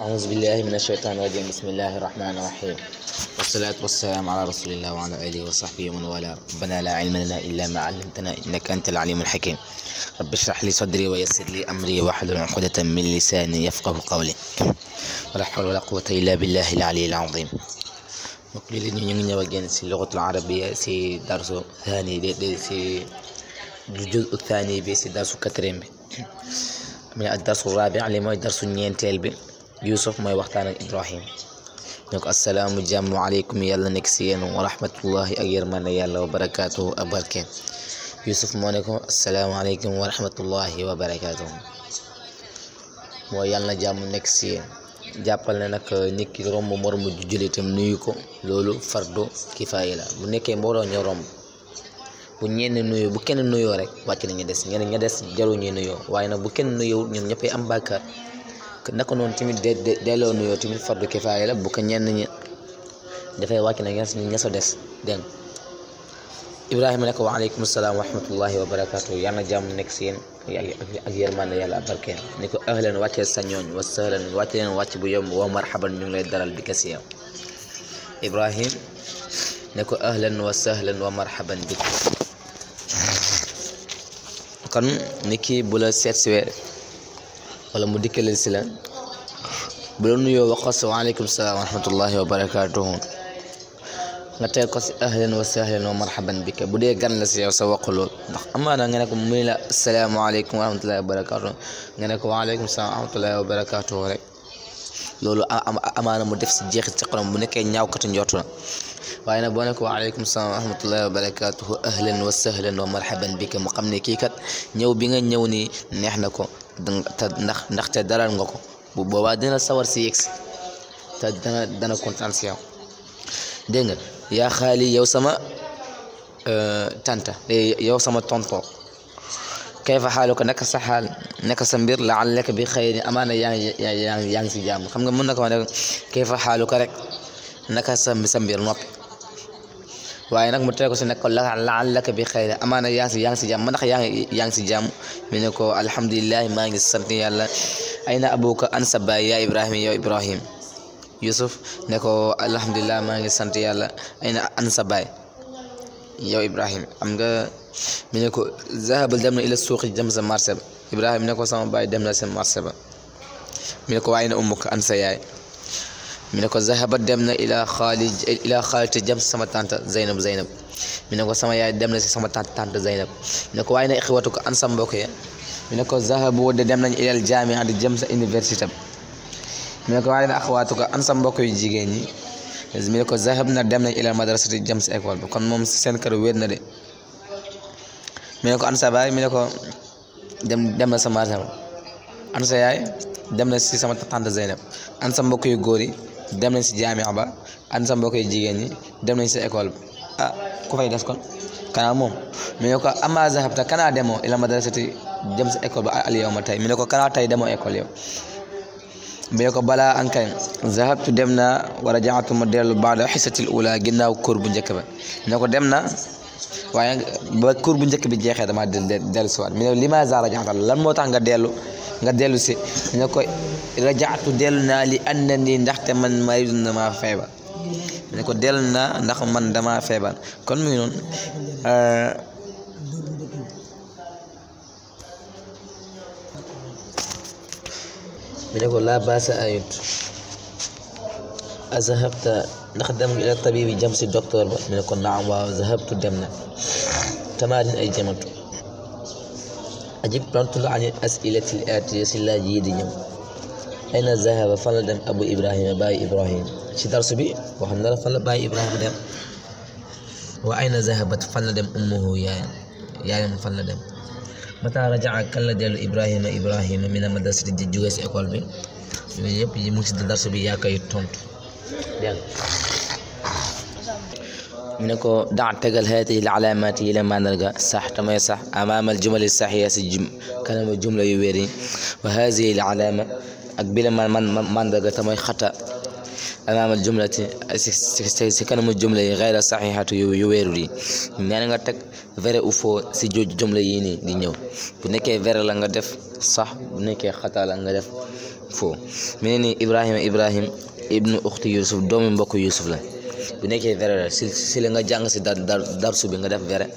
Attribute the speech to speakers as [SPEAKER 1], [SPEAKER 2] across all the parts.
[SPEAKER 1] أعوذ بالله من الشيطان الرجيم بسم الله الرحمن الرحيم والصلاة والسلام على رسول الله وعلى آله وصحبه ومن والاه ربنا لا علم لنا إلا ما علمتنا إنك أنت العليم الحكيم رب اشرح لي صدري ويسر لي أمري واحلل عقدة من لساني يفقه قولي ولا حول ولا قوة إلا بالله العلي العظيم mbokk yi ñu ngi ñëw ak yéen si luxatul arabiya si darsu thani bi si juz thani bi si darsu quatrième bi muy darsu rabi li mooy darsu ñeenteel bi Yuusuf mooy waxtaan ak Ibrahim ne ko assalaamu jàmm nekk si yéen wa rahmatullahi ak yërmande yàlla wa barakaatuhu ak barke Yuusuf moo ne ko assalaamu aleykum wa rahmatullahi wa barakaatuhu moo yàlla na jàmm nekk si yéen jàppal ne nag uh, nit ki romb moromu jullitam nuyu ko loolu fardu kifaaya la bu nekkee mbooloo ñoo romb bu ñenn nuyu bu kenn nuyoo rek wàcc nañu des ñeneen ña des jaru ñuy nuyoo waaye nag bu kenn nuyoo ñoom ñëppay am bàkkaar naka noonu tamit de de delloo nuyoo fardu kifaaya la bu ko ñenn ñi dafay wàcc na ñes ña sa des dégg Ibrahima ne ko waaleykum salaam wa rahmatullahi na jàmm nekk si yéen ak yërmande yàlla abarkeen ni ahlan wàccee sa ñooñ wa sahlan wàcc bu yomb wa marhaban ñu ngi lay daral bi ka si yow ko ahlan wa sahlan wa wala mu dikkaleel si la bu la nuyoo wax ko si salaam wa rahmatullahi wa barakaatuhu nga teg ko si ahlan wa sahlan wa marhaban bika bu dee gan la si yow sa wax lool ndax amaana nga ne ko muy la salaamaaleykum wa nga ne ko waaleykum salaam wa rahmatullahi wa barakaatuhu rek loolu amaana mu def si jeex si xolam bu nekkee ñaawkatu njortu na waaye nag boo ne ko waaleykum salaam wa rahmatullahi wa barakaatuhu ahlan wa sahlan wa marhaban bika mu xam ne kii kat ñëw bi nga ñëw nii neex na ko te ndax ndaxte dalal nga ko bu boobaa dina sawar si yegsi te dana dana kontaan si yow dégg nga yaa xaali yow sama euh, tanta eh, yow sama tonto kayfa xaaluka naka sa xaal naka sa mbir bi xayri amaana yaa ngi yaa ngi yaa ngi si jàmm xam nga mën na ko wax xaaluka rek naka sa mbir noppi waaye nag mu tere ko si nekk la laalaka bi xayra amaana yaa ngi si yaa ngi si jàmm ndax yaa ngi yaa ngi jàmm mi ne ko alhamdulilahi maa ngi sant yàlla ay na abuka an sa baay yaa ibrahima yow ibrahim yusuf ne ko alhamdulilah maa ngi sant yàlla ay na an sa baay yow ibrahim am nga mi ne ko zahaba dem na ila suuqi dem sa marché ba ibrahim ne ko sama baay dem na sa marché ba mi ko waaye na ummuka an sa yaay mi ne ko zahaba dem na ilaa xaalid ilaa xaalid te jëm si sama tante Zeynab Zeynab mi ne ko sama yaay dem na si sama tante tante Zeynab mi ne ko waaye na ixwatu ko an sa mbokk ya mi ne ko zahabu de dem nañ ilal di jëm sa université mi ko waaye na axwaatu ko an sa mbokk yu jigéen ñi mi ne ko zahab na dem nañ ilal madrasati jëm si école bi kon moom seen kër wéet na de ko an sa mi ne ko dem dem na sa sa yaay dem na si sama tante Zeynab an sa mbokk yu góor yi dem nañ si jaamia ba ànd sa mbokk yi jigéen ñi dem nañ si école ah ku fay des kon kana moom mi ne ko ama zahabta kana demoo ila madrasati dem ne ko kana tey demoo école yow ko balaa ankay zahabtu dem na wa rajaatu ma dellu baada xisatil ula ginnaaw kóor bu njëkk ba mi ne ko dem na waaye ba cours bu njëkk bi jeexee dama dellu siwaat mi ne limaa zaa rajaata lan moo tax nga dellu nga dellu si mi ne ko rajaatu dellu naa li ànd ndaxte man maridun dama feebar mu ne ko dellu naa ndax man dama feebar kon mu ngi noonu euh, mu ne ko laa ayut a zahabta ndax dem nga tabibi jëm si docteur ba mu ne ko naam waaw zahabtu dem na tamaarin ay jamatu ajib tontu la ani asilatil aatiya si laaj di ñëw ayna zahaba fan la dem abu ibrahima bàyyi ibrahim ci darsu bi wax na la fan la bàyyi ibrahima dem wa ayna zahabat fan la dem ummuhu yaayam yaayam fan la dem mata rajaa kan la dellu ibrahima ibrahima min madrasati di jóge si école bi yooyu yëpp yi mu ngi si darsu bi yaa koy tontu dégg mu ne ko daa tegal haatihi alaamaat yi la mandarga sax tamay sax amaama aljumali saxiya si kalama jumla yu wér yi wa haadihi alaama ak bi man man mandarga te mooy xata amaamal jumlati si kanamu jumla yi xayra saxiixatu yu wéerul yi nee na nga teg vrai ou faux si jooju jumla yii nii di ñëw bu nekkee vrai la nga def sax bu nekkee xata la nga def faux mu ne nii Ibrahima Ibrahim ibnu uxti Yusuf doomu mbokk Yusuf la bu nekkee vrai la si la nga jàng si dar darsu bi nga def vrai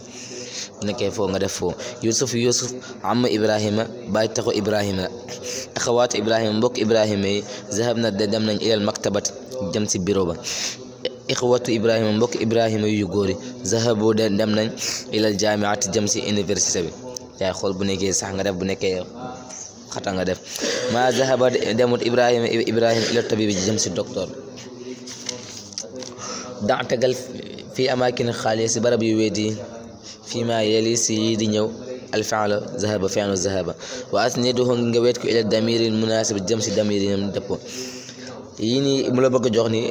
[SPEAKER 1] nekkee foo nga def foo yusuf yusuf am ibrahima baay taxu ibrahima axawaatu ibrahima mbokk dem nañ ilal maktabat jëm si bureau ba ibrahima mbokk ibrahima yu góor yi zahabu de dem nañ ilal jëm si université bi yaay bu nekkee sax nga bu nekkee nga def ma zahaba demut ibrahima ibrahima si docteur yu fima yali si yi di ñëw alfi'lu zahaba fi'lu zahaba wa asniduhu nga wet ko ila damiri munasib jëm si damir yinam dëpp yi ni mu la bëgg jox ni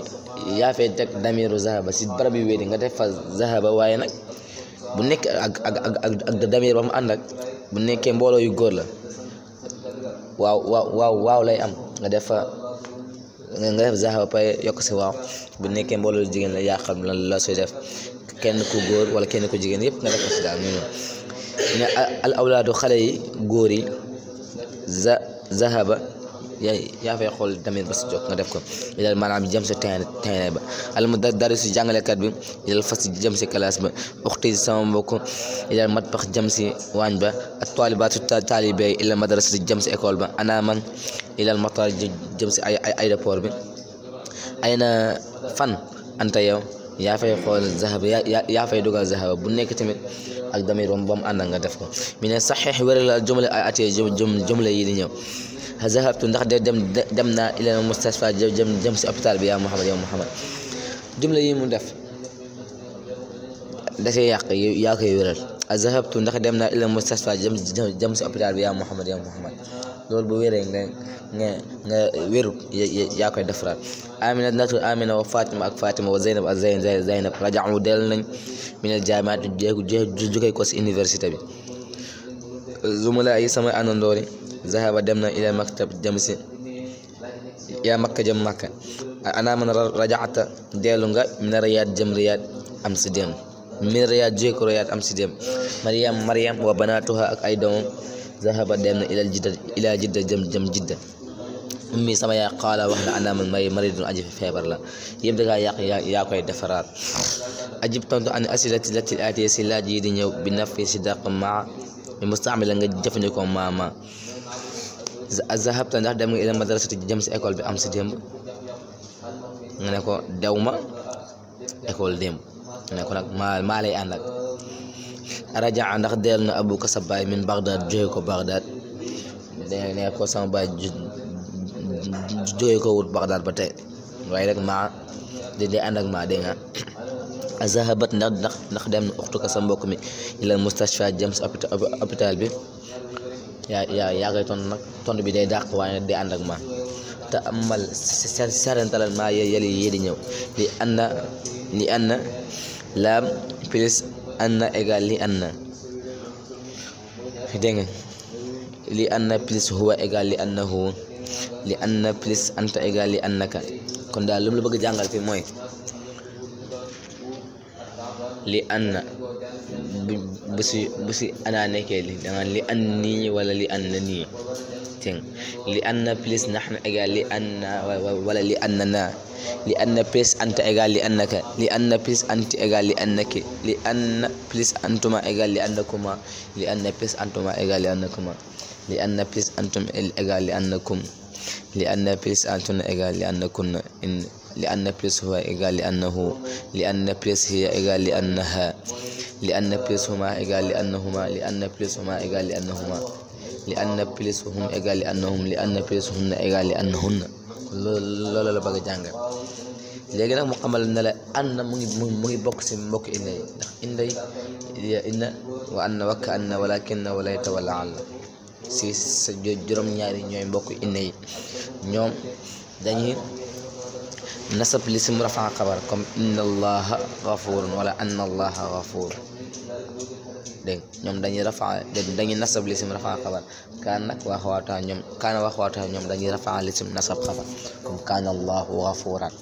[SPEAKER 1] yaa fee teg damiru zahaba si barab yu wéeti nga def fa zahaba waaye nag bu nekk ak ak ak ak ba mu ànd ak bu nekkee mbooloo yu góor la waaw waaw waaw waaw lay am nga def fa nga def zahaba pare yokk si waaw bu nekkee mbooloo jigéen la yaa xam lan sooy def kenn ku góor wala kenn ku jigéen yëpp nga def ko si daal noonu al awlaadu xale yi góor yi za zahaba yaa xool tamit ba si jokk nga def ko ilal maanaam jëm si tey tey ba al mudarris bi ilal fas jëm si classe ba waxtu si sama mbokk ilal matbax jëm si waañ ba ak taalibaatu taalibe ilal madrasa jëm ba ana man ilal matar jëm ay ay bi ay na fan anta yow. yaa fay xool zahaba yaa fay dugal zahaba bu nekk tamit ak damir ba mu ànd nga def ko mi ne saxeex wéral al jumla ay atee jumla yi di ñëw zahabtu ndax de dem dem naa ilal mustasfa jëm jëm si hôpital bi yaa Muhammad yaa Muhammad jumla yi mu def dafay yàq yaa koy wéral zahabtu ndax dem naa ilal mustasfa jëm jëm si hôpital bi yaa Muhammad yaa Muhammad loolu bu wéree nga nga nga wéru yaa koy defaraat amina natu amina wa fatima ak fatima wa zaynab ak zayn zaynab del nañ min al jaami'at jóge ko ci université bi zumala yi sama anandoori zahaba dem na ila maktab jëm si yaa makka jëm man raja'ata dellu nga min riyaad jëm riyaad am dem min riyaad jóge ko riyaad ay doomam zahaba dem na ilal jidda ilaa jidda jëm jëm jidda ummi sama yaa qaala wax na ana man may maridun aji feebar la yëpp da ngaa yàq yaa koy defaraat ajib tontu an asilati lati aatiye si laaj yi di ñëw bi nafi si dàq maa mi mustaamila nga jëfandikoo maa maa zahabta ndax dem nga ila madrasati jëm si école bi am si démb nga ne ko dew ma école démb nga ne ko nag maa maa lay ànd ak raja ndax del na abuka sa baay min Bagdad jóge ko Bagdad ne ko sama baay jóge ko wut Bagdad ba tey waaye rek ma di di ànd ak ma dégg nga zahabat ndax ndax ndax dem na uxtuka sa mbokk mi ilal mustashfa jëm si hôpital bi yaa yaa yaa koy tontu nag tontu bi day dàq waaye day ànd ak ma te amal serentalal ma yeli yee di ñëw li anna li anna laam plus anna égal li anna dégg nga li anna plus huwa égal li annahu li anna plus anta égal li annaka kon daal lu mu la bëgg jàngal fi mooy li anna bu si bu si anaa nekkee li danga li an nii wala li anna nii thing lianna plus nahnu égal lianna wala liannana lianna plus anta égal liannaka lianna plus anti égal liannaki lianna plus antuma égal liannakuma lianna plus antuma égal liannakuma lianna plus antum égal liannakum lianna plus antuna égal liannakunna لأن بلس هو إيجال لأنه لأن بلس هي إيجال لأنها لأن بلس هما إيجال لأنهما لأن بلس هما إيجال لأنهما li anna plus hum égal li annahum li anna plus hum na égal li annahunna loolu la bëgg a jàngal léegi nag mu xamal ne la anna mu ngi mu ngi bokk si mbokk inna yi ndax inda yi inna wa anna wakka anna walakinna walayta wala alla si sa juróom ñaari ñooy mbokk inna yi ñoom dañuy nasab li si mu rafaa xabar comme inna allaha gafuurun wala anna allaha gafuur dégg ñoom dañuy rafaa dañuy nasab lisim rafaa xabar kaan nag wax waata ñoom kaan wax waata ñoom dañuy rafaa lisim nasab xabar comme kaan allahu gafuran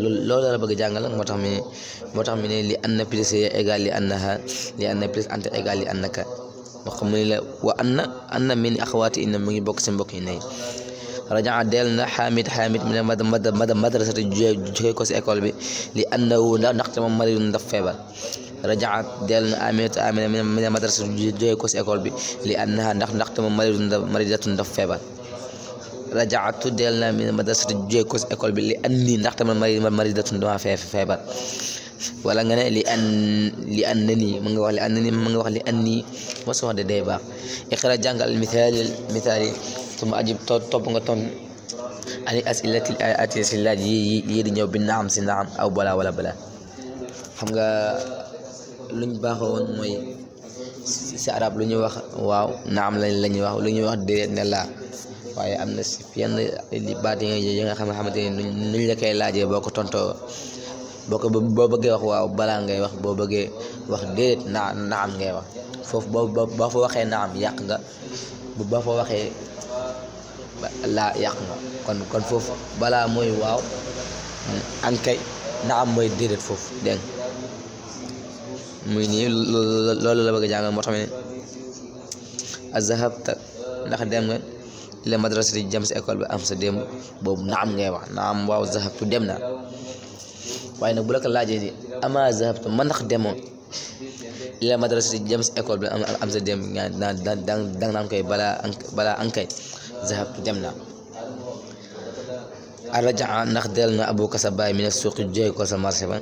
[SPEAKER 1] loolu la bëgg jàngal moo tax mi ne moo tax mi ne li anna plus égal li annaha li anna plus anta égal li annaka wax mu ne la wa anna anna min axawaati inna mu ngi bokk si mbokk yi nay rajaa del na xaamit xaamit mi ne mad mad madrasati jóge ko si école bi li annahu ndaxte moom maridun daf feebar rajaat del na aminatu amina mina madrasa jóge ko si école bi li annaha ndax ndaxte moom maridatun dafa feebar rajaatu del na mina madrasa jóge ko si école bi li anni ndaxte man maridatun dama feebar wala nga ne li an li an na nii mën nga wax li an na nii mën nga wax li an nii moo si wax de day baax iqra jàngal mithaal mithaal yi suma ajib topp nga ton ani asilati ati si laaj yi yi di ñëw bi naam si naam aw balaa wala balaa xam nga lu ñu baaxoo woon mooy si arab lu ñuy wax waaw naam lañ la ñuy wax lu ñuy wax déedéet ne laa waaye am na si yenn baat yi nga xam xamante ne nuñ la koy laajee boo ko tontoo boo ko boo bëggee wax waaw balaa ngay wax boo bëggee wax déedéet naa naam ngay wax foofu boo boo fa waxee naam yàq nga boo fa waxee laa yàq nga kon kon foofu balaa mooy waaw mm, ankay naam mooy déedéet foofu dégg muy nii loolu la bëgg a jàngal moo tax ne azahabta ndax dem nga ila madrasati jëm si école bi am sa démb boobu naam ngay wax naam waaw zahabtu dem na waaye nag bu la ko laajee ni man ndax demoon ila madrasati jëm si école bi am sa démb nga naan dang naan koy balaa balaa ankay zahabtu dem na arajaa ndax dell na abu kasa baay mi ne suuqi jóge ko sa marché ba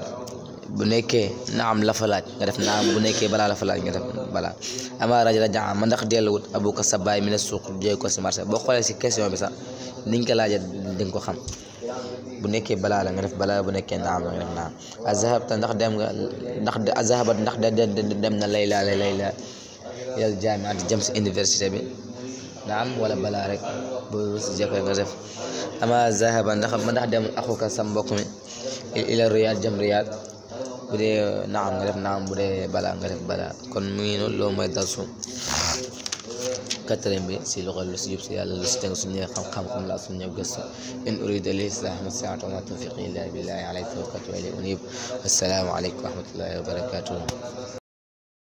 [SPEAKER 1] bu nekkee naam la fa laaj nga def naam bu nekkee balaa la laaj nga def balaa amaa rajo rajaa ma ndax delluwut abu sa baay mi ne suuq ko si marché boo xoolee question bi sax niñ ko laajee dinga ko xam bu nekkee balaa la nga def balaa bu nekkee naam la nga def ndax dem nga ndax azahabat ndax dem na layla layla yal jaamiat jëm si université bi naam wala balaa rek bu si jëkkee nga def ama zahaba ndax ma ndax dem axuka sa mbokk mi ila riyaad jëm riyaad bu dee naam nga def naam bu dee balaa nga def balaa kon mu ngi noonu loolu mooy darsu quatrième bi si loxo lu si jub si yàlla lu si la suñu ñëw in urida al islaaha ma stataatu ma tawfiqi illa billahi alayhi tawakkaltu wa ilayhi unib assalaamu aleykum wa rahmatullahi